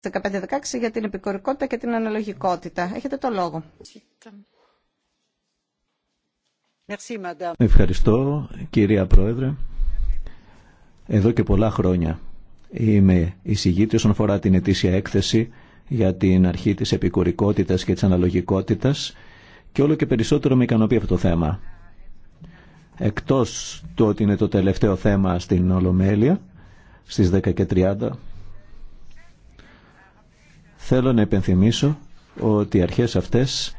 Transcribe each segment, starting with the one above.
15-16 για την επικορικότητα και την αναλογικότητα. Έχετε το λόγο. Ευχαριστώ κυρία Πρόεδρε. Εδώ και πολλά χρόνια είμαι εισηγήτη όσον αφορά την ετήσια έκθεση για την αρχή της επικουρικότητας και της αναλογικότητας και όλο και περισσότερο με ικανοποιεί αυτό το θέμα. Εκτός του ότι είναι το τελευταίο θέμα στην Ολομέλεια στις 10 και Θέλω να υπενθυμίσω ότι οι αρχές αυτές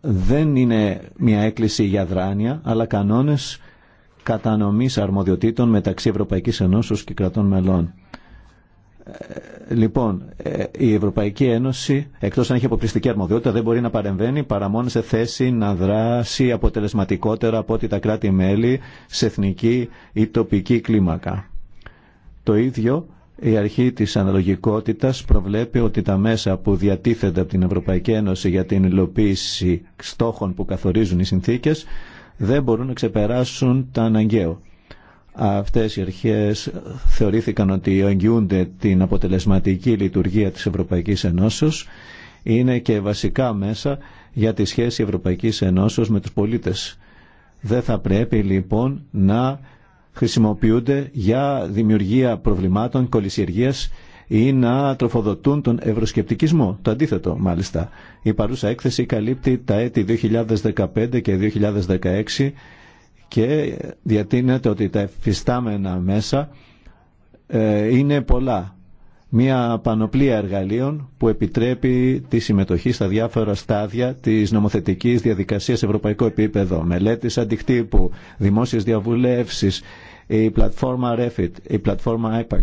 δεν είναι μια έκκληση για δράνεια, αλλά κανόνες κατανομής αρμοδιοτήτων μεταξύ Ευρωπαϊκής Ενώσεως και κρατών μελών. Ε, λοιπόν, ε, η Ευρωπαϊκή Ένωση, εκτός αν έχει αποκλειστική αρμοδιότητα, δεν μπορεί να παρεμβαίνει παρά μόνο σε θέση να δράσει αποτελεσματικότερα από ό,τι τα κράτη-μέλη σε εθνική ή τοπική κλίμακα. Το ίδιο η αρχή της αναλογικότητας προβλέπει ότι τα μέσα που διατίθενται από την Ευρωπαϊκή Ένωση για την υλοποίηση στόχων που καθορίζουν οι συνθήκες δεν μπορούν να ξεπεράσουν τα αναγκαίο. Αυτές οι αρχές θεωρήθηκαν ότι εγγυούνται την αποτελεσματική λειτουργία της Ευρωπαϊκής Ενώσης. είναι και βασικά μέσα για τη σχέση Ευρωπαϊκής Ενώσης με τους πολίτες. Δεν θα πρέπει λοιπόν να χρησιμοποιούνται για δημιουργία προβλημάτων, κολυσιεργίας ή να τροφοδοτούν τον ευρωσκεπτικισμό. Το αντίθετο, μάλιστα. Η παρούσα έκθεση καλύπτει τα έτη 2015 και 2016 και διατείνεται ότι τα εφιστάμενα μέσα ε, είναι πολλά μια πανοπλία εργαλείων που επιτρέπει τη συμμετοχή στα διάφορα στάδια της νομοθετικής διαδικασίας σε ευρωπαϊκό επίπεδο. Μελέτης αντικτύπου, δημόσιες διαβουλεύσεις, η πλατφόρμα REFIT, η πλατφόρμα IPAX,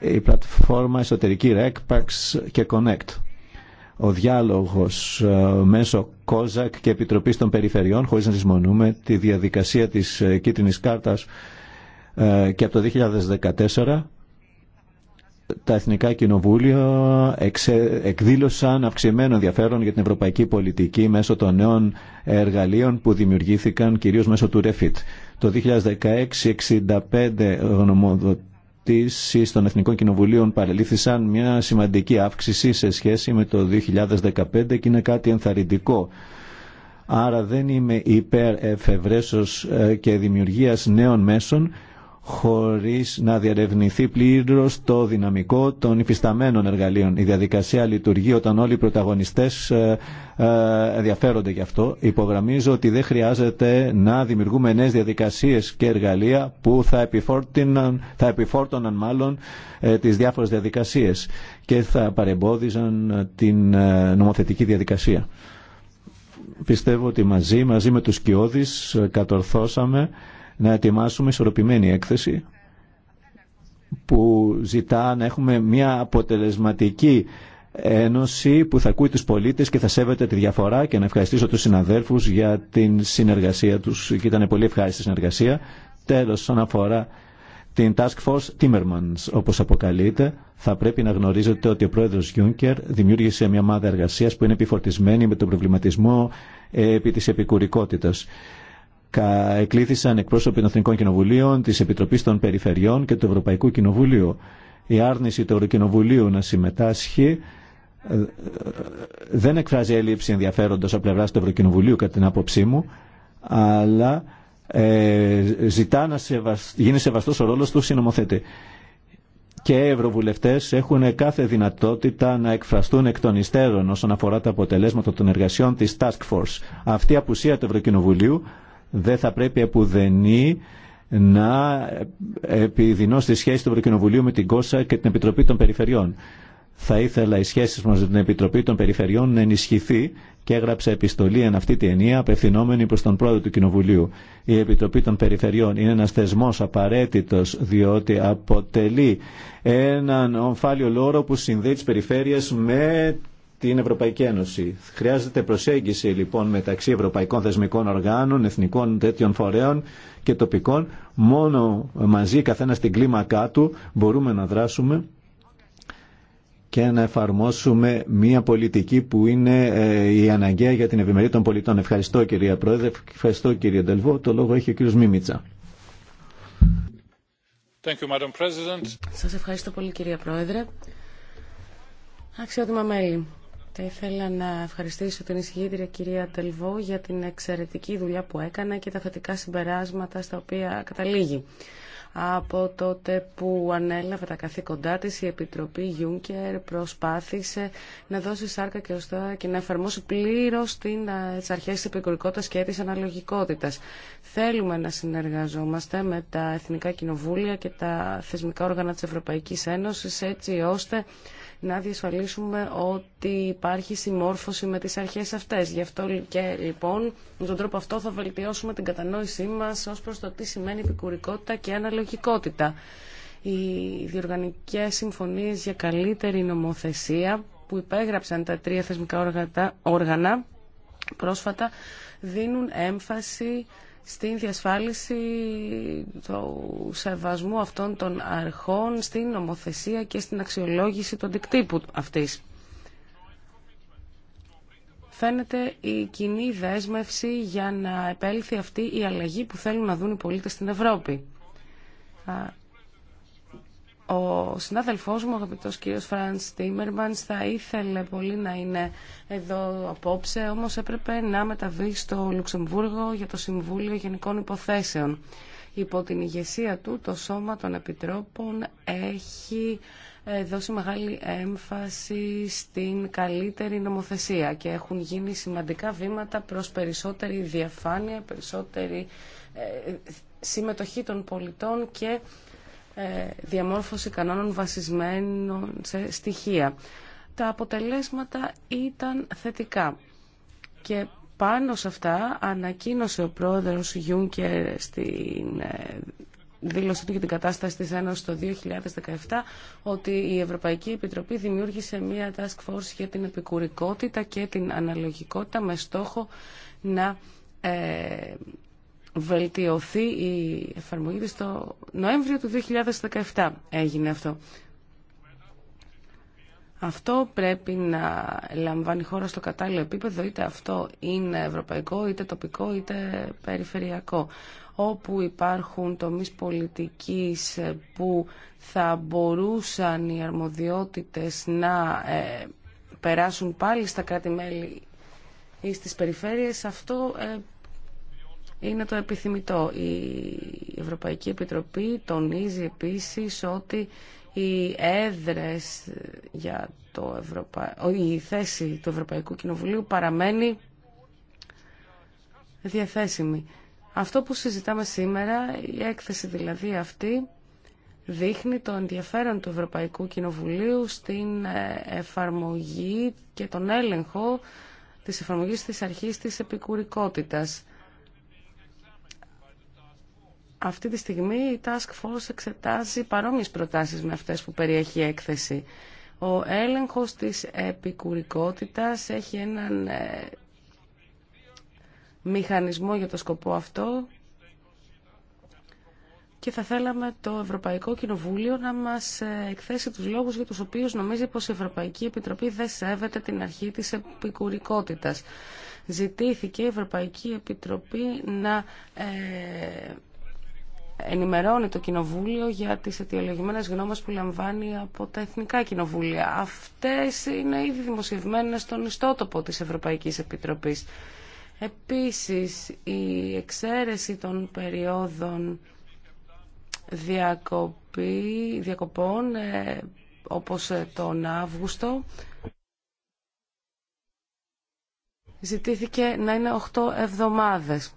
η πλατφόρμα εσωτερική RECPAX και CONNECT. Ο διάλογος ε, μέσω COSAC και Επιτροπής των Περιφερειών, χωρίς να συσμονούμε, τη διαδικασία της ε, κίτρινης κάρτας ε, και από το 2014 τα Εθνικά Κοινοβούλια εκδήλωσαν αυξημένο ενδιαφέρον για την ευρωπαϊκή πολιτική μέσω των νέων εργαλείων που δημιουργήθηκαν κυρίως μέσω του REFIT. Το 2016-65 γνωμοδοτήσεις των Εθνικών Κοινοβουλίων παρελήθησαν μια σημαντική αύξηση σε σχέση με το 2015 και είναι κάτι ενθαρρυντικό. Άρα δεν είμαι υπέρ ε, και δημιουργίας νέων μέσων χωρίς να διαρευνηθεί πλήρως το δυναμικό των υφισταμένων εργαλείων. Η διαδικασία λειτουργεί όταν όλοι οι πρωταγωνιστές ε, ε, ενδιαφέρονται γι' αυτό. Υπογραμμίζω ότι δεν χρειάζεται να δημιουργούμε νέες διαδικασίες και εργαλεία που θα, επιφόρτωναν, θα επιφόρτωναν μάλλον ε, τις διάφορες διαδικασίες και θα παρεμπόδιζαν την νομοθετική διαδικασία. Πιστεύω ότι μαζί, μαζί με τους Κιώδης κατορθώσαμε να ετοιμάσουμε ισορροπημένη έκθεση που ζητά να έχουμε μια αποτελεσματική ένωση που θα ακούει τους πολίτες και θα σέβεται τη διαφορά και να ευχαριστήσω τους συναδέλφους για την συνεργασία τους και ήταν πολύ ευχάριστη συνεργασία. Τέλος, όσον αφορά την Task Force Timmermans, όπως αποκαλείται, θα πρέπει να γνωρίζετε ότι ο πρόεδρος Γιούνκερ δημιούργησε μια μάδα εργασίας που είναι επιφορτισμένη με τον προβληματισμό ε, επί της επικουρικότητας. Εκλήθησαν εκπρόσωποι των Εθνικών Κοινοβουλίων, τη Επιτροπή των Περιφερειών και του Ευρωπαϊκού Κοινοβουλίου. Η άρνηση του Ευρωκοινοβουλίου να συμμετάσχει ε, δεν εκφράζει έλλειψη ενδιαφέροντο από πλευρά του Ευρωκοινοβουλίου, κατά την άποψή μου, αλλά ε, ζητά να σεβασ... γίνει σεβαστός ο ρόλος του συνομοθέτη. Και οι ευρωβουλευτές έχουν κάθε δυνατότητα να εκφραστούν εκ των υστέρων όσον αφορά τα αποτελέσματα των εργασιών της Task Force. Αυτή η απουσία του Ευρωκοινοβουλίου δεν θα πρέπει επουδενή να επιδεινώ στη σχέση του Ευρωκοινοβουλίου με την Κόσα και την Επιτροπή των Περιφερειών. Θα ήθελα οι σχέσει μα με την Επιτροπή των Περιφερειών να ενισχυθεί και έγραψε επιστολή εν αυτή τη ενία απευθυνόμενη προ τον πρόεδρο του Κοινοβουλίου. Η Επιτροπή των Περιφερειών είναι ένα θεσμό απαραίτητο διότι αποτελεί έναν ομφάλιο λόρο που συνδέει τι περιφέρειες με την Ευρωπαϊκή Ένωση. Χρειάζεται προσέγγιση λοιπόν μεταξύ ευρωπαϊκών θεσμικών οργάνων, εθνικών τέτοιων φορέων και τοπικών. Μόνο μαζί καθένα στην κλίμακά του μπορούμε να δράσουμε και να εφαρμόσουμε μια πολιτική που είναι ε, η αναγκαία για την ευημερία των πολιτών. Ευχαριστώ κυρία Πρόεδρε, ευχαριστώ κύριε Ντελβό. Το λόγο έχει ο κύριος Μίμητσα. Thank you, Madam Σας ευχαριστώ πολύ κυρία Πρόεδρε. Αξιότιμα μέλη. Θα ήθελα να ευχαριστήσω την εισηγήτρια κυρία Τελβό για την εξαιρετική δουλειά που έκανε και τα θετικά συμπεράσματα στα οποία καταλήγει. Από τότε που ανέλαβε τα καθήκοντά της, η Επιτροπή Γιούνκερ προσπάθησε να δώσει σάρκα και οστά και να εφαρμόσει πλήρως τις αρχές της επικουρικότητας και της αναλογικότητας. Θέλουμε να συνεργαζόμαστε με τα Εθνικά Κοινοβούλια και τα θεσμικά όργανα της Ευρωπαϊκής Ένωσης έτσι ώστε να διασφαλίσουμε ότι υπάρχει συμμόρφωση με τις αρχές αυτές. Γι' αυτό και λοιπόν με τον τρόπο αυτό θα βελτιώσουμε την κατανόησή μας ως προς το τι σημαίνει επικουρικότητα και αναλογικότητα. Οι διοργανικές συμφωνίες για καλύτερη νομοθεσία που υπέγραψαν τα τρία θεσμικά όργανα πρόσφατα δίνουν έμφαση στην διασφάλιση του σεβασμού αυτών των αρχών, στην νομοθεσία και στην αξιολόγηση του αντικτύπου αυτής. Φαίνεται η κοινή δέσμευση για να επέλθει αυτή η αλλαγή που θέλουν να δουν οι πολίτες στην Ευρώπη. Ο συνάδελφός μου, ο αγαπητός κύριος Φρανς Τίμερμανς, θα ήθελε πολύ να είναι εδώ απόψε, όμως έπρεπε να μεταβεί στο Λουξεμβούργο για το Συμβούλιο Γενικών Υποθέσεων. Υπό την ηγεσία του, το Σώμα των Επιτρόπων έχει ε, δώσει μεγάλη έμφαση στην καλύτερη νομοθεσία και έχουν γίνει σημαντικά βήματα προς περισσότερη διαφάνεια, περισσότερη ε, συμμετοχή των πολιτών και ε, διαμόρφωση κανόνων βασισμένων σε στοιχεία. Τα αποτελέσματα ήταν θετικά και πάνω σε αυτά ανακοίνωσε ο πρόεδρος Γιούνκερ στην ε, δήλωσή του για την κατάσταση της Ένωσης το 2017 ότι η Ευρωπαϊκή Επιτροπή δημιούργησε μια task force για την επικουρικότητα και την αναλογικότητα με στόχο να ε, βελτιωθεί η εφαρμογή το Νοέμβριο του 2017 έγινε αυτό. Αυτό πρέπει να λαμβάνει χώρα στο κατάλληλο επίπεδο, είτε αυτό είναι ευρωπαϊκό, είτε τοπικό, είτε περιφερειακό. Όπου υπάρχουν τομείς πολιτικής που θα μπορούσαν οι αρμοδιότητες να ε, περάσουν πάλι στα κράτη-μέλη ή στις περιφέρειες, αυτό ε, είναι το επιθυμητό. Η Ευρωπαϊκή Επιτροπή τονίζει επίσης ότι οι έδρες για το η θέση του Ευρωπαϊκού Κοινοβουλίου παραμένει διαθέσιμη. Αυτό που συζητάμε σήμερα, η έκθεση δηλαδή αυτή, δείχνει το ενδιαφέρον του Ευρωπαϊκού Κοινοβουλίου στην ε, εφαρμογή και τον έλεγχο της εφαρμογής της αρχής της επικουρικότητας. Αυτή τη στιγμή η Task Force εξετάζει παρόμοιες προτάσεις με αυτές που περιέχει η έκθεση. Ο έλεγχος της επικουρικότητας έχει έναν ε, μηχανισμό για το σκοπό αυτό και θα θέλαμε το Ευρωπαϊκό Κοινοβούλιο να μας ε, εκθέσει τους λόγους για τους οποίους νομίζει πως η Ευρωπαϊκή Επιτροπή δεν σέβεται την αρχή της επικουρικότητας. Ζητήθηκε η Ευρωπαϊκή Επιτροπή να ε, ενημερώνει το Κοινοβούλιο για τις αιτιολογημένες γνώμες που λαμβάνει από τα Εθνικά Κοινοβούλια. Αυτές είναι ήδη δημοσιευμένες στον ιστότοπο της Ευρωπαϊκής Επιτροπής. Επίσης, η εξαίρεση των περιόδων διακοπή, διακοπών, ε, όπως ε, τον Αύγουστο, ζητήθηκε να είναι 8 εβδομάδες.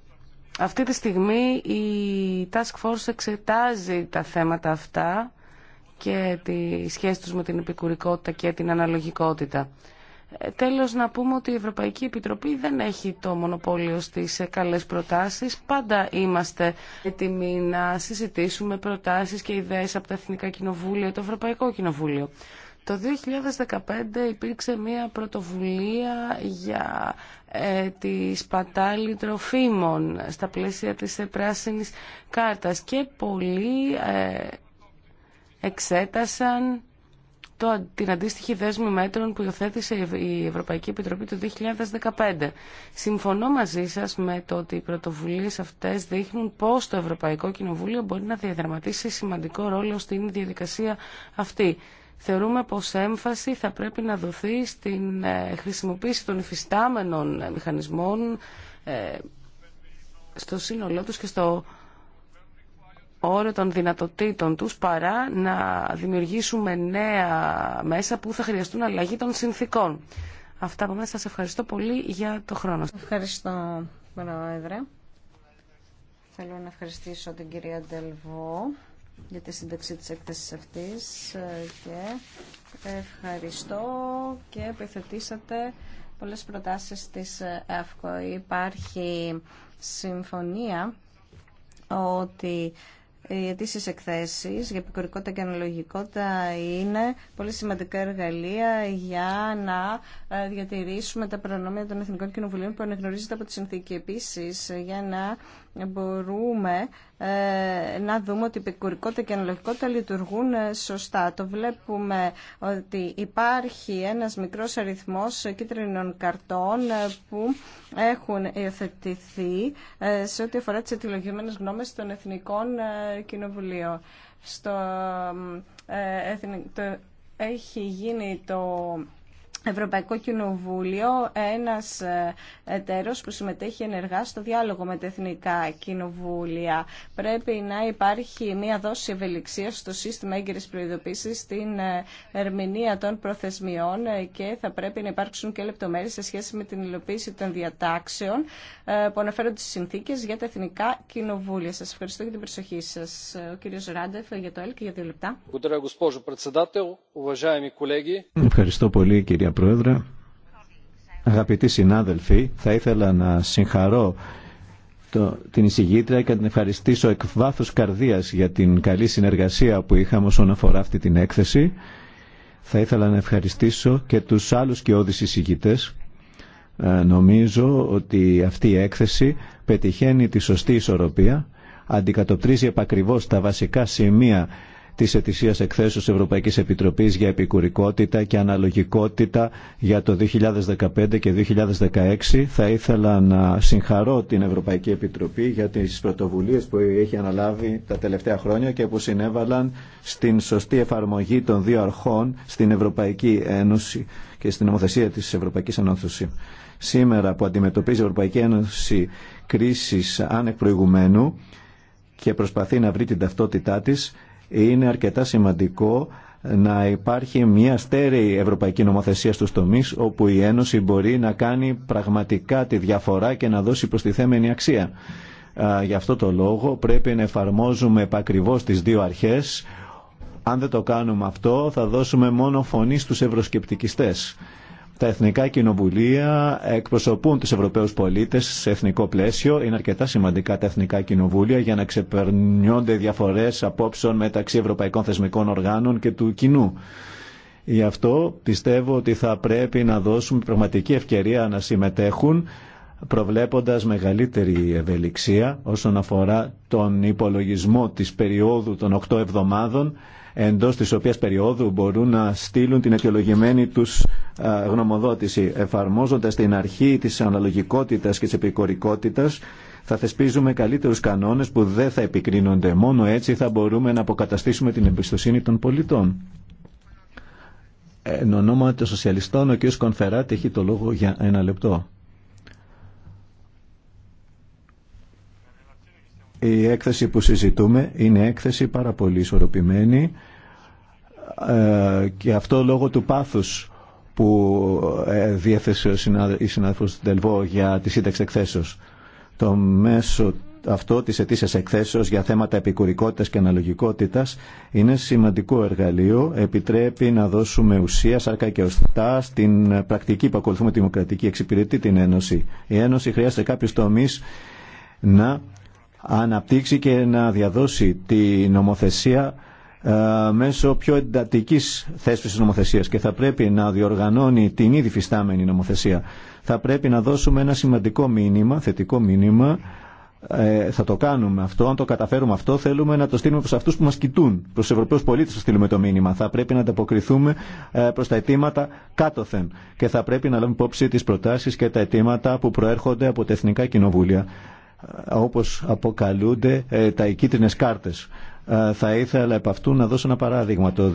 Αυτή τη στιγμή η Task Force εξετάζει τα θέματα αυτά και τη σχέση τους με την επικουρικότητα και την αναλογικότητα. Ε, τέλος να πούμε ότι η Ευρωπαϊκή Επιτροπή δεν έχει το μονοπόλιο στις ε, καλές προτάσεις. Πάντα είμαστε έτοιμοι να συζητήσουμε προτάσεις και ιδέες από τα Εθνικά Κοινοβούλια, το Ευρωπαϊκό Κοινοβούλιο. Το 2015 υπήρξε μια πρωτοβουλία για ε, τη σπατάλη τροφίμων στα πλαίσια της πράσινης κάρτας και πολλοί ε, εξέτασαν το, την αντίστοιχη δέσμη μέτρων που υιοθέτησε η Ευρωπαϊκή Επιτροπή το 2015. Συμφωνώ μαζί σας με το ότι οι πρωτοβουλίες αυτές δείχνουν πώς το Ευρωπαϊκό Κοινοβούλιο μπορεί να διαδραματίσει σημαντικό ρόλο στην διαδικασία αυτή θεωρούμε πως έμφαση θα πρέπει να δοθεί στην ε, χρησιμοποίηση των υφιστάμενων ε, μηχανισμών ε, στο σύνολό τους και στο όρο των δυνατοτήτων τους παρά να δημιουργήσουμε νέα μέσα που θα χρειαστούν αλλαγή των συνθήκων. Αυτά από μένα σας ευχαριστώ πολύ για το χρόνο σας. Ευχαριστώ, Πρόεδρε. Θέλω να ευχαριστήσω την κυρία Ντελβό για τη σύνταξη της έκθεσης αυτής ε, και ευχαριστώ και επιθετήσατε πολλές προτάσεις της ΕΦΚΟ. Υπάρχει συμφωνία ότι οι αιτήσει εκθέσει για επικουρικότητα και αναλογικότητα είναι πολύ σημαντικά εργαλεία για να ε, διατηρήσουμε τα προνόμια των Εθνικών Κοινοβουλίων που αναγνωρίζεται από τη συνθήκη. Επίση, για να μπορούμε ε, να δούμε ότι η επικουρικότητα και η αναλογικότητα λειτουργούν ε, σωστά. Το βλέπουμε ότι υπάρχει ένας μικρός αριθμός κίτρινων καρτών ε, που έχουν υιοθετηθεί σε ό,τι αφορά τις ετυλογημένες γνώμες των Εθνικών Κοινοβουλίων. Στο, έχει γίνει το Ευρωπαϊκό Κοινοβούλιο ένας ε, εταίρος που συμμετέχει ενεργά στο διάλογο με τα εθνικά κοινοβούλια. Πρέπει να υπάρχει μια δόση ευελιξία στο σύστημα έγκυρης προειδοποίησης στην ε, ερμηνεία των προθεσμιών ε, και θα πρέπει να υπάρξουν και λεπτομέρειες σε σχέση με την υλοποίηση των διατάξεων που αναφέρονται στις συνθήκες για τα εθνικά κοινοβούλια. Σας ευχαριστώ για την προσοχή σας. Ο κύριος Ράντεφ για το ΕΛ και για δύο λεπτά. Ευχαριστώ πολύ κυρία Πρόεδρε. Αγαπητοί συνάδελφοι, θα ήθελα να συγχαρώ το, την εισηγήτρια και να την ευχαριστήσω εκ βάθους καρδίας για την καλή συνεργασία που είχαμε όσον αφορά αυτή την έκθεση. Θα ήθελα να ευχαριστήσω και τους άλλους κοιόδης εισηγητές. Ε, νομίζω ότι αυτή η έκθεση πετυχαίνει τη σωστή ισορροπία, αντικατοπτρίζει επακριβώς τα βασικά σημεία τη ετησία εκθέσεω Ευρωπαϊκή Επιτροπή για επικουρικότητα και αναλογικότητα για το 2015 και 2016. Θα ήθελα να συγχαρώ την Ευρωπαϊκή Επιτροπή για τι πρωτοβουλίε που έχει αναλάβει τα τελευταία χρόνια και που συνέβαλαν στην σωστή εφαρμογή των δύο αρχών στην Ευρωπαϊκή Ένωση και στην νομοθεσία τη Ευρωπαϊκή Ένωση. Σήμερα που αντιμετωπίζει η Ευρωπαϊκή Ένωση κρίση ανεκπροηγουμένου και προσπαθεί να βρει την ταυτότητά της, είναι αρκετά σημαντικό να υπάρχει μια στέρεη ευρωπαϊκή νομοθεσία στους τομείς όπου η Ένωση μπορεί να κάνει πραγματικά τη διαφορά και να δώσει προστιθέμενη αξία. Γι' αυτό το λόγο πρέπει να εφαρμόζουμε επακριβώς τις δύο αρχές. Αν δεν το κάνουμε αυτό θα δώσουμε μόνο φωνή στους ευρωσκεπτικιστές. Τα εθνικά κοινοβουλία εκπροσωπούν τους Ευρωπαίους πολίτες σε εθνικό πλαίσιο. Είναι αρκετά σημαντικά τα εθνικά κοινοβούλια για να ξεπερνιόνται διαφορές απόψεων μεταξύ ευρωπαϊκών θεσμικών οργάνων και του κοινού. Γι' αυτό πιστεύω ότι θα πρέπει να δώσουμε πραγματική ευκαιρία να συμμετέχουν προβλέποντας μεγαλύτερη ευελιξία όσον αφορά τον υπολογισμό της περίοδου των 8 εβδομάδων Εντό τη οποία περίοδου μπορούν να στείλουν την αιτιολογημένη του γνωμοδότηση. Εφαρμόζοντας την αρχή της αναλογικότητας και της επικορικότητας, θα θεσπίζουμε καλύτερους κανόνες που δεν θα επικρίνονται. Μόνο έτσι θα μπορούμε να αποκαταστήσουμε την εμπιστοσύνη των πολιτών. Εν ονόματι των Σοσιαλιστών, ο κ. Κονφεράτη έχει το λόγο για ένα λεπτό. Η έκθεση που συζητούμε είναι έκθεση πάρα πολύ ισορροπημένη ε, και αυτό λόγω του πάθους που ε, διέθεσε ο συνάδελφος Τελβό για τη σύνταξη εκθέσεως. Το μέσο αυτό της ετήσιας εκθέσεως για θέματα επικουρικότητας και αναλογικότητας είναι σημαντικό εργαλείο, επιτρέπει να δώσουμε ουσία, σάρκα και οστά στην πρακτική που ακολουθούμε δημοκρατική, εξυπηρετεί την Ένωση. Η Ένωση χρειάζεται κάποιου τομεί να αναπτύξει και να διαδώσει τη νομοθεσία ε, μέσω πιο εντατική θέσπιση νομοθεσία και θα πρέπει να διοργανώνει την ήδη φυστάμενη νομοθεσία. Θα πρέπει να δώσουμε ένα σημαντικό μήνυμα, θετικό μήνυμα. Ε, θα το κάνουμε αυτό. Αν το καταφέρουμε αυτό, θέλουμε να το στείλουμε προ αυτού που μα κοιτούν, προ του Ευρωπαίου πολίτε θα στείλουμε το μήνυμα. Θα πρέπει να ανταποκριθούμε ε, προ τα αιτήματα κάτωθεν και θα πρέπει να λάβουμε υπόψη τι προτάσει και τα αιτήματα που προέρχονται από τα εθνικά κοινοβούλια ε, όπως αποκαλούνται ε, τα κίτρινες κάρτες. Ε, θα ήθελα επ' αυτού να δώσω ένα παράδειγμα. Το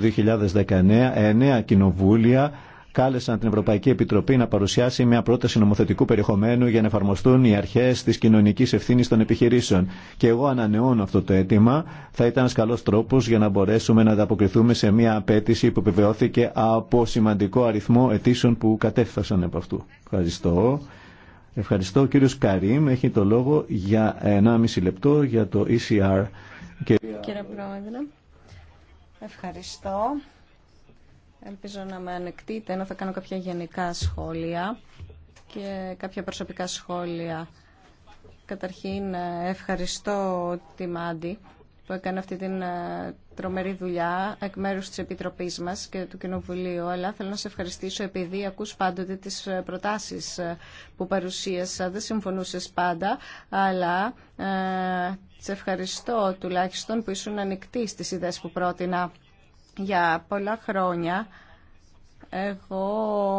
2019 εννέα κοινοβούλια κάλεσαν την Ευρωπαϊκή Επιτροπή να παρουσιάσει μια πρόταση νομοθετικού περιεχομένου για να εφαρμοστούν οι αρχέ τη κοινωνική ευθύνη των επιχειρήσεων. Και εγώ ανανεώνω αυτό το αίτημα. Θα ήταν ένα καλό τρόπο για να μπορέσουμε να ανταποκριθούμε σε μια απέτηση που επιβεβαιώθηκε από σημαντικό αριθμό αιτήσεων που κατέφθασαν από αυτού. Ευχαριστώ. Ευχαριστώ. Ο κύριος Καρίμ έχει το λόγο για 1,5 λεπτό για το ECR. Κύριε Πρόεδρε, ευχαριστώ. Ελπίζω να με ανεκτείτε, ενώ θα κάνω κάποια γενικά σχόλια και κάποια προσωπικά σχόλια. Καταρχήν ευχαριστώ τη Μάντη που έκανε αυτή την ε, τρομερή δουλειά εκ μέρου τη Επιτροπή μα και του Κοινοβουλίου. Αλλά θέλω να σε ευχαριστήσω επειδή ακού πάντοτε τι ε, προτάσει ε, που παρουσίασα. Δεν συμφωνούσε πάντα, αλλά ε, σε ευχαριστώ τουλάχιστον που ήσουν ανοιχτή στι ιδέε που πρότεινα για πολλά χρόνια. Εγώ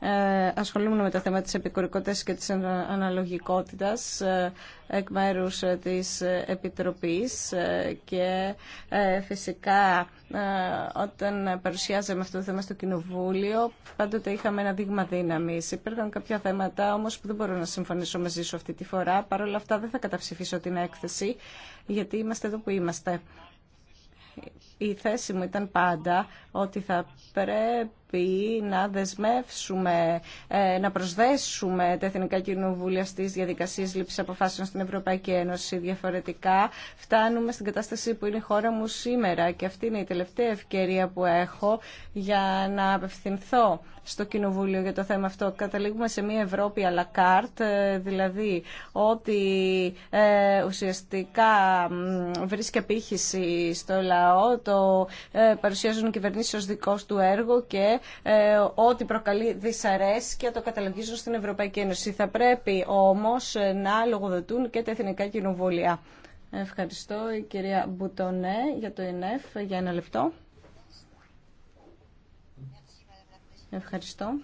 ε, ασχολούμαι με το θέμα της επικουρικότητας και της αναλογικότητας ε, εκ μέρους ε, της Επιτροπής ε, και ε, φυσικά όταν παρουσιάζαμε αυτό το θέμα στο Κοινοβούλιο πάντοτε είχαμε ένα δείγμα δύναμης. Υπήρχαν κάποια θέματα όμως που δεν μπορώ να συμφωνήσω μαζί σου αυτή τη φορά. Παρ' όλα αυτά δεν θα καταψηφίσω την έκθεση γιατί είμαστε εδώ που είμαστε η θέση μου ήταν πάντα ότι θα πρέπει να δεσμεύσουμε, ε, να προσδέσουμε τα Εθνικά Κοινοβούλια στι διαδικασίε λήψη αποφάσεων στην Ευρωπαϊκή Ένωση. Διαφορετικά, φτάνουμε στην κατάσταση που είναι η χώρα μου σήμερα και αυτή είναι η τελευταία ευκαιρία που έχω για να απευθυνθώ στο Κοινοβούλιο για το θέμα αυτό. Καταλήγουμε σε μια Ευρώπη à la carte, ε, δηλαδή ότι ε, ουσιαστικά βρίσκει απήχηση στο λαό, το παρουσιάζουν οι κυβερνήσει ω δικό του έργο και ε, ότι προκαλεί δυσαρέσκεια το καταλογίζουν στην Ευρωπαϊκή Ένωση. Θα πρέπει όμως ε, να λογοδοτούν και τα εθνικά κοινοβούλια. Ευχαριστώ η κυρία Μπουτονέ για το ΕΝΕΦ για ένα λεπτό. Ευχαριστώ.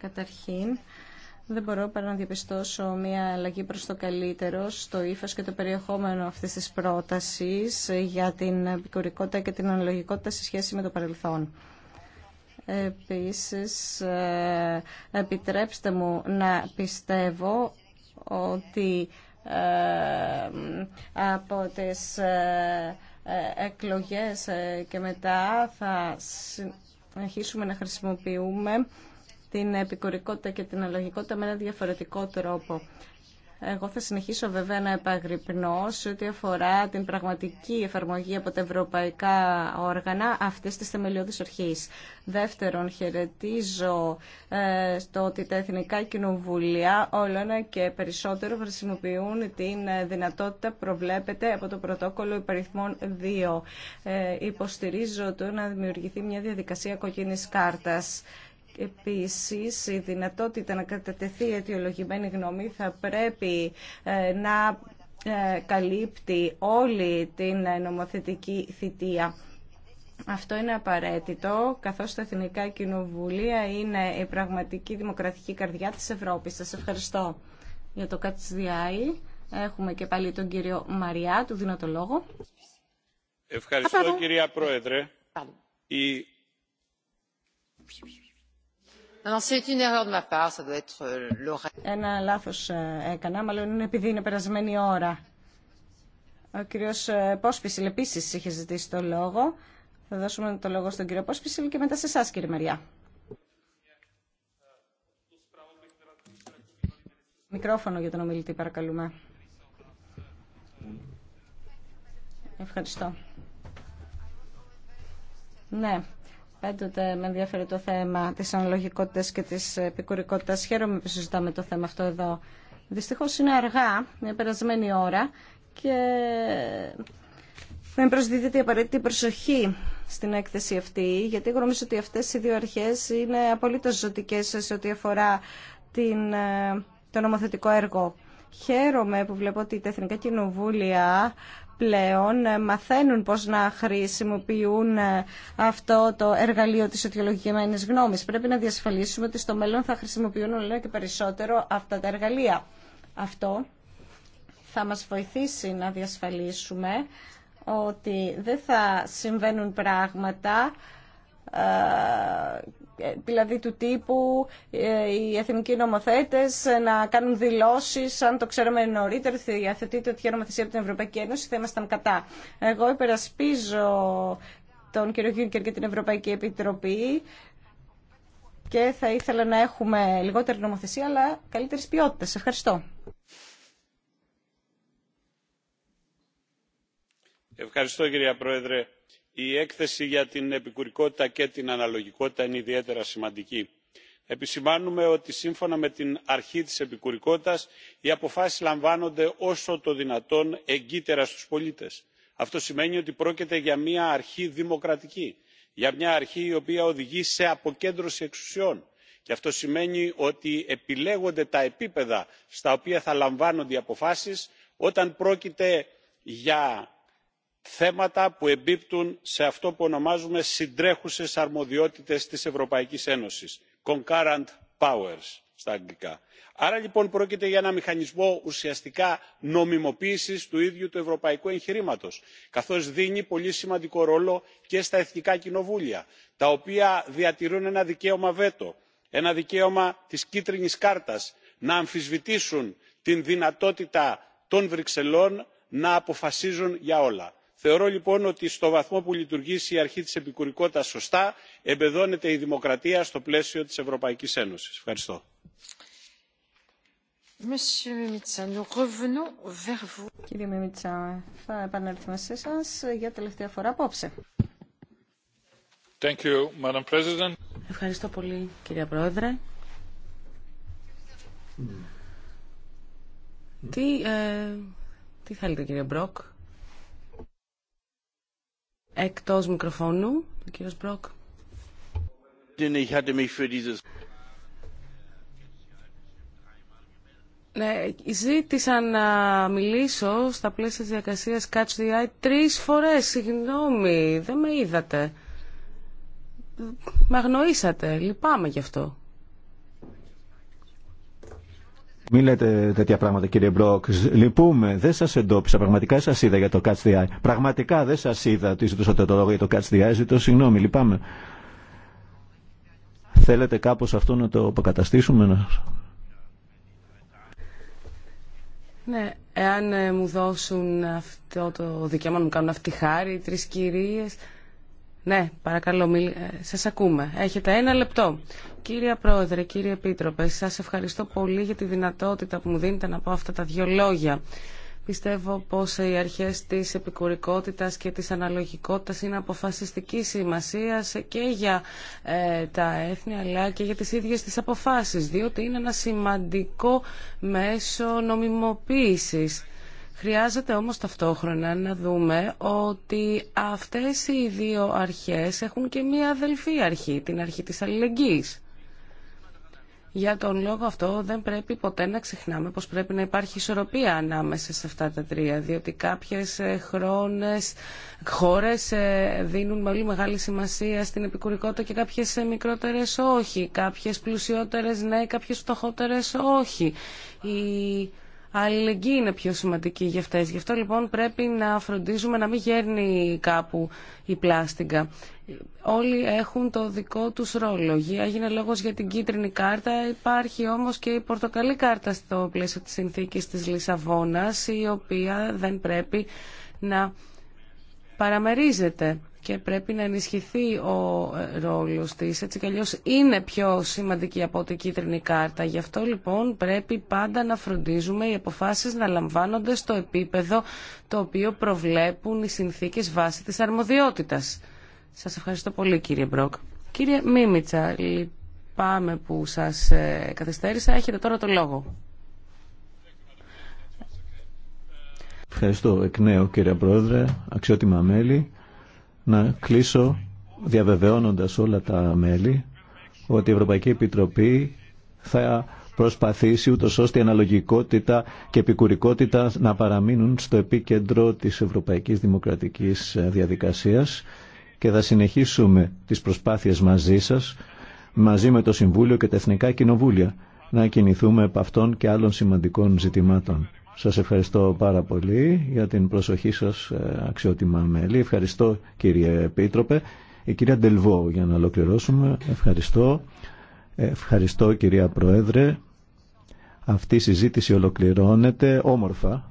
Καταρχήν, δεν μπορώ παρά να διαπιστώσω μια αλλαγή προς το καλύτερο στο ύφος και το περιεχόμενο αυτής της πρότασης για την επικουρικότητα και την αναλογικότητα σε σχέση με το παρελθόν. Επίσης, ε, επιτρέψτε μου να πιστεύω ότι ε, από τις ε, εκλογές και μετά θα συνεχίσουμε να χρησιμοποιούμε την επικουρικότητα και την αλογικότητα με ένα διαφορετικό τρόπο. Εγώ θα συνεχίσω βέβαια να επαγρυπνώ σε ό,τι αφορά την πραγματική εφαρμογή από τα ευρωπαϊκά όργανα αυτή της θεμελιώδη αρχή. Δεύτερον, χαιρετίζω ε, στο ότι τα Εθνικά Κοινοβουλία όλο ένα και περισσότερο χρησιμοποιούν την δυνατότητα που προβλέπεται από το πρωτόκολλο υπαριθμών 2. Ε, υποστηρίζω το να δημιουργηθεί μια διαδικασία κόκκινη κάρτας. Επίσης, η δυνατότητα να κατατεθεί αιτιολογημένη γνώμη θα πρέπει ε, να ε, καλύπτει όλη την ε, νομοθετική θητεία. Αυτό είναι απαραίτητο, καθώς τα Εθνικά Κοινοβουλία είναι η πραγματική δημοκρατική καρδιά της Ευρώπης. Σας ευχαριστώ για το ΚΑΤΣΔΙ. Έχουμε και πάλι τον κύριο Μαριά, του δίνω το λόγο. Ευχαριστώ, κυρία Πρόεδρε. Ένα λάθος ε, έκανα, μάλλον είναι επειδή είναι περασμένη ώρα. Ο κύριος ε, Πόσπισιλ επίσης είχε ζητήσει το λόγο. Θα δώσουμε το λόγο στον κύριο Πόσπισιλ και μετά σε εσά, κύριε Μαριά. Μικρόφωνο για τον ομιλητή, παρακαλούμε. Ευχαριστώ. Ναι, Πάντοτε με ενδιαφέρει το θέμα τη αναλογικότητα και τη επικουρικότητα. Χαίρομαι που συζητάμε το θέμα αυτό εδώ. Δυστυχώς είναι αργά, μια περασμένη ώρα και δεν προσδίδεται η απαραίτητη προσοχή στην έκθεση αυτή, γιατί εγώ νομίζω ότι αυτές οι δύο αρχές είναι απολύτως ζωτικές σε ό,τι αφορά την, ε, το νομοθετικό έργο. Χαίρομαι που βλέπω ότι τα Εθνικά Κοινοβούλια πλέον ε, μαθαίνουν πώς να χρησιμοποιούν ε, αυτό το εργαλείο της οτιολογημένης γνώμης. Πρέπει να διασφαλίσουμε ότι στο μέλλον θα χρησιμοποιούν όλο και περισσότερο αυτά τα εργαλεία. Αυτό θα μας βοηθήσει να διασφαλίσουμε ότι δεν θα συμβαίνουν πράγματα ε, ε, δηλαδή του τύπου ε, οι εθνικοί νομοθέτες ε, να κάνουν δηλώσεις αν το ξέρουμε νωρίτερα ότι τέτοια νομοθεσία από την Ευρωπαϊκή Ένωση θα ήμασταν κατά. Εγώ υπερασπίζω τον κύριο Γιούνκερ και την Ευρωπαϊκή Επιτροπή και θα ήθελα να έχουμε λιγότερη νομοθεσία αλλά καλύτερης ποιότητας. Ευχαριστώ. Ευχαριστώ κυρία Πρόεδρε η έκθεση για την επικουρικότητα και την αναλογικότητα είναι ιδιαίτερα σημαντική. επισημάνουμε ότι σύμφωνα με την αρχή της επικουρικότητας οι αποφάσεις λαμβάνονται όσο το δυνατόν εγκύτερα στους πολίτες. αυτό σημαίνει ότι πρόκειται για μια αρχή δημοκρατική για μια αρχή η οποία οδηγεί σε αποκέντρωση εξουσιών και αυτό σημαίνει ότι επιλέγονται τα επίπεδα στα οποία θα λαμβάνονται οι αποφάσεις όταν πρόκειται για θέματα που εμπίπτουν σε αυτό που ονομάζουμε συντρέχουσες αρμοδιότητες της ευρωπαϊκής ένωσης concurrent powers στα αγγλικά. άρα λοιπόν πρόκειται για ένα μηχανισμό ουσιαστικά νομιμοποίησης του ίδιου του ευρωπαϊκού εγχειρήματος καθώς δίνει πολύ σημαντικό ρόλο και στα εθνικά κοινοβούλια τα οποία διατηρούν ένα δικαίωμα βέτο ένα δικαίωμα της κίτρινης κάρτας να αμφισβητήσουν την δυνατότητα των βρυξελών να αποφασίζουν για όλα θεωρώ λοιπόν ότι στο βαθμό που λειτουργήσει η αρχή της επικουρικότητας σωστά εμπεδώνεται η δημοκρατία στο πλαίσιο της ευρωπαϊκής ένωσης. ευχαριστώ. Κύριε Μιμίτσα, θα επανέλθουμε σε εσάς για τελευταία φορά απόψε. Ευχαριστώ πολύ, κυρία Πρόεδρε. Mm. Τι, ε, τι θέλετε, κύριε Μπροκ. Εκτός μικροφώνου, ο κύριος Μπροκ. Ναι, ζήτησα να μιλήσω στα πλαίσια της διακασίας Catch the Eye τρεις φορές. Συγγνώμη, δεν με είδατε. Με αγνοήσατε. Λυπάμαι γι' αυτό. Μην λέτε τέτοια πράγματα κύριε Μπρόκ. Λυπούμε, δεν σα εντόπισα. Πραγματικά σα είδα για το Catch the Eye. Πραγματικά δεν σα είδα ότι ζητούσατε το λόγο για το Catch the Eye. Ζητώ συγγνώμη, λυπάμαι. Θέλετε κάπως αυτό να το αποκαταστήσουμε, να... Ναι, εάν ε, μου δώσουν αυτό το δικαίωμα να μου κάνουν αυτή τη χάρη, τρεις κυρίες, ναι, παρακαλώ, ε, σας ακούμε. Έχετε ένα λεπτό. Κύριε Πρόεδρε, κύριε Επίτροπε, σας ευχαριστώ πολύ για τη δυνατότητα που μου δίνετε να πω αυτά τα δύο λόγια. Πιστεύω πως οι αρχές της επικουρικότητας και της αναλογικότητας είναι αποφασιστική σημασία και για ε, τα έθνη αλλά και για τις ίδιες τις αποφάσεις, διότι είναι ένα σημαντικό μέσο νομιμοποίησης Χρειάζεται όμως ταυτόχρονα να δούμε ότι αυτές οι δύο αρχές έχουν και μία αδελφή αρχή, την αρχή της αλληλεγγύης. Για τον λόγο αυτό δεν πρέπει ποτέ να ξεχνάμε πως πρέπει να υπάρχει ισορροπία ανάμεσα σε αυτά τα τρία, διότι κάποιες ε, χρόνες, χώρες ε, δίνουν πολύ μεγάλη σημασία στην επικουρικότητα και κάποιες ε, μικρότερες όχι, κάποιες πλουσιότερες ναι, κάποιες φτωχότερες όχι. Η αλληλεγγύη είναι πιο σημαντική για αυτέ. Γι' αυτό λοιπόν πρέπει να φροντίζουμε να μην γέρνει κάπου η πλάστιγκα. Όλοι έχουν το δικό του ρόλο. Έγινε λόγο για την κίτρινη κάρτα, υπάρχει όμω και η πορτοκαλή κάρτα στο πλαίσιο της συνθήκη τη Λισαβόνα, η οποία δεν πρέπει να παραμερίζεται και πρέπει να ενισχυθεί ο ε, ρόλος της, έτσι κι αλλιώς είναι πιο σημαντική από την κίτρινη κάρτα. Γι' αυτό λοιπόν πρέπει πάντα να φροντίζουμε οι αποφάσεις να λαμβάνονται στο επίπεδο το οποίο προβλέπουν οι συνθήκες βάσει της αρμοδιότητας. Σας ευχαριστώ πολύ κύριε Μπρόκ. Κύριε Μίμητσα, λυπάμαι που σας ε, καθυστέρησα. Έχετε τώρα το λόγο. Ευχαριστώ εκ νέου κύριε Πρόεδρε, αξιότιμα μέλη να κλείσω διαβεβαιώνοντας όλα τα μέλη ότι η Ευρωπαϊκή Επιτροπή θα προσπαθήσει ούτω ώστε η αναλογικότητα και επικουρικότητα να παραμείνουν στο επίκεντρο της Ευρωπαϊκής Δημοκρατικής Διαδικασίας και θα συνεχίσουμε τις προσπάθειες μαζί σας, μαζί με το Συμβούλιο και τα Εθνικά Κοινοβούλια, να κινηθούμε από αυτών και άλλων σημαντικών ζητημάτων. Σας ευχαριστώ πάρα πολύ για την προσοχή σας ε, αξιότιμα μέλη. Ευχαριστώ κύριε Επίτροπε. Η κυρία Ντελβό για να ολοκληρώσουμε. Ευχαριστώ. Ευχαριστώ κυρία Πρόεδρε. Αυτή η συζήτηση ολοκληρώνεται όμορφα.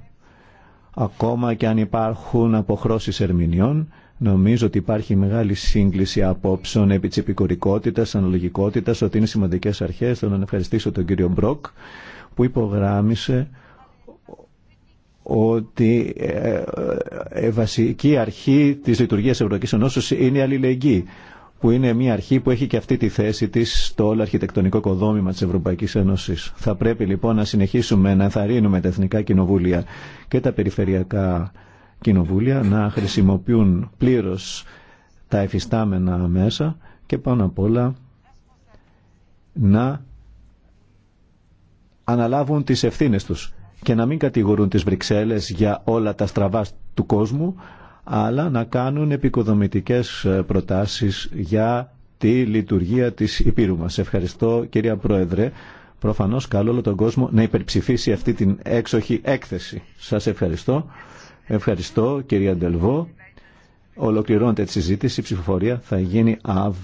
Ακόμα και αν υπάρχουν αποχρώσεις ερμηνεών, νομίζω ότι υπάρχει μεγάλη σύγκληση απόψεων επί της επικορικότητας, αναλογικότητας, ότι είναι σημαντικές αρχές. Θέλω να ευχαριστήσω τον κύριο Μπροκ που υπογράμμισε ότι η ε, ε, ε, βασική αρχή της λειτουργίας Ευρωπαϊκής Ένωσης είναι η αλληλεγγύη που είναι μια αρχή που έχει και αυτή τη θέση της στο όλο αρχιτεκτονικό κοδόμημα της Ευρωπαϊκής Ένωσης. Θα πρέπει λοιπόν να συνεχίσουμε να ενθαρρύνουμε τα εθνικά κοινοβούλια και τα περιφερειακά κοινοβούλια να χρησιμοποιούν πλήρως τα εφιστάμενα μέσα και πάνω απ' όλα να αναλάβουν τις ευθύνες τους και να μην κατηγορούν τις Βρυξέλλες για όλα τα στραβά του κόσμου, αλλά να κάνουν επικοδομητικές ε, προτάσεις για τη λειτουργία της Υπήρου μας. Ευχαριστώ κυρία Πρόεδρε. Προφανώς καλό όλο τον κόσμο να υπερψηφίσει αυτή την έξοχη έκθεση. Σας ευχαριστώ. Ευχαριστώ κυρία Ντελβό. Ολοκληρώνεται τη συζήτηση. Η ψηφοφορία θα γίνει αύριο.